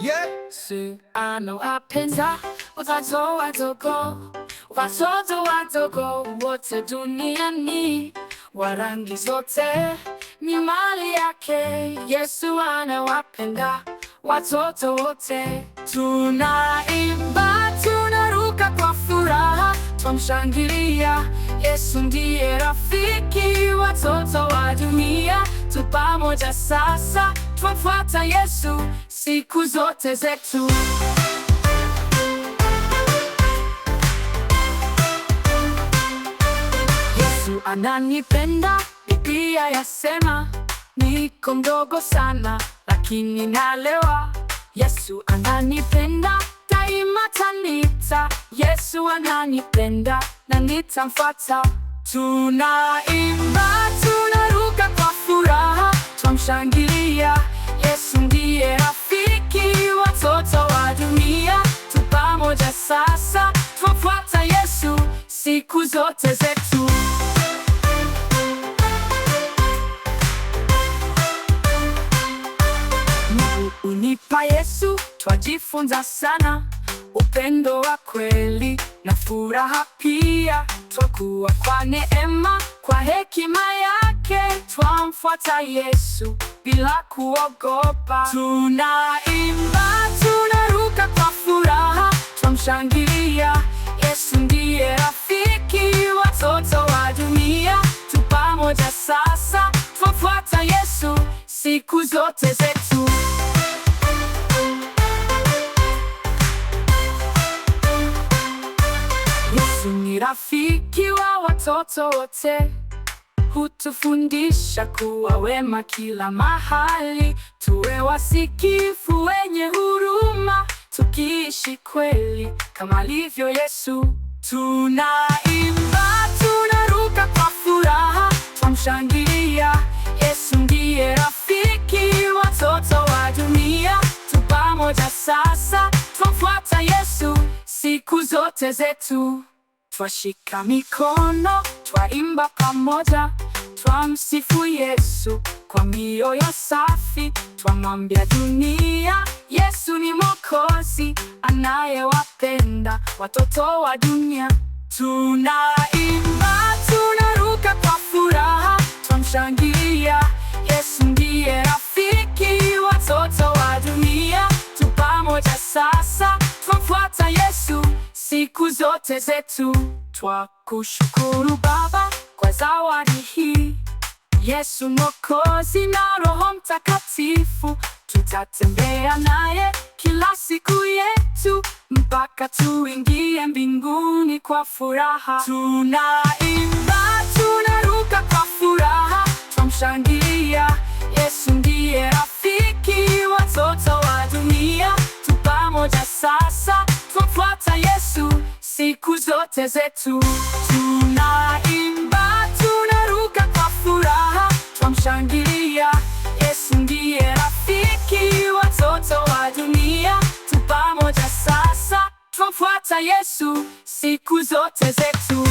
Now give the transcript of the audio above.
Yesu anawapenda watoto wadogo, watoto wadogo wote duniani, wa rangi zote ni mali yake. Yesu anawapenda watoto wote. Tunaimba, tunaruka kwa furaha, twamshangilia Yesu ndiye rafiki watoto wa dunia. Tupamoja sasa, twamfuata Yesu siku zote zetu. Yesu ananipenda, Biblia yasema, niko mdogo sana lakini nalewa. Yesu ananipenda, daima tanita. Yesu ananipenda na nitamfata. Tunaimba, tunaruka kwa furaha, twamshangilia Yesu ndiye zote zetu. Mungu unipa Yesu, twajifunza sana upendo wa kweli na furaha pia, twakuwa kwa neema, kwa hekima yake twamfuata Yesu bila kuogopa, tunaimba, tunaruka kwa furaha, twamshangilia Yesu. siku zote zetu. Yesu ni rafiki wa watoto wote, hutufundisha kuwa wema kila mahali, tuwe wasikifu, wenye huruma, tukiishi kweli kama alivyo Yesu. Tunaimba, tunaruka kwa furaha, twamshangilia zote zetu, twashika mikono, twaimba pamoja, twamsifu Yesu kwa mioyo safi, twamwambia dunia Yesu ni Mwokozi anayewapenda watoto wa dunia. Tunaimba, tunaruka kwa furaha, twamshangilia Yesu ndiye rafiki watoto wa dunia. tupamoja sasa, twamfuata Yesu siku zote zetu, twakushukuru Baba kwa zawadi hii. Yesu Mwokozi na Roho Mtakatifu, tutatembea naye kila siku yetu mpaka tuingie mbinguni kwa furaha tuna siku zote zetu tunaimba, tunaruka kwa furaha, twamshangilia Yesu ndiye rafiki, watoto wa dunia tu pamoja sasa, twamfuata Yesu siku zote zetu.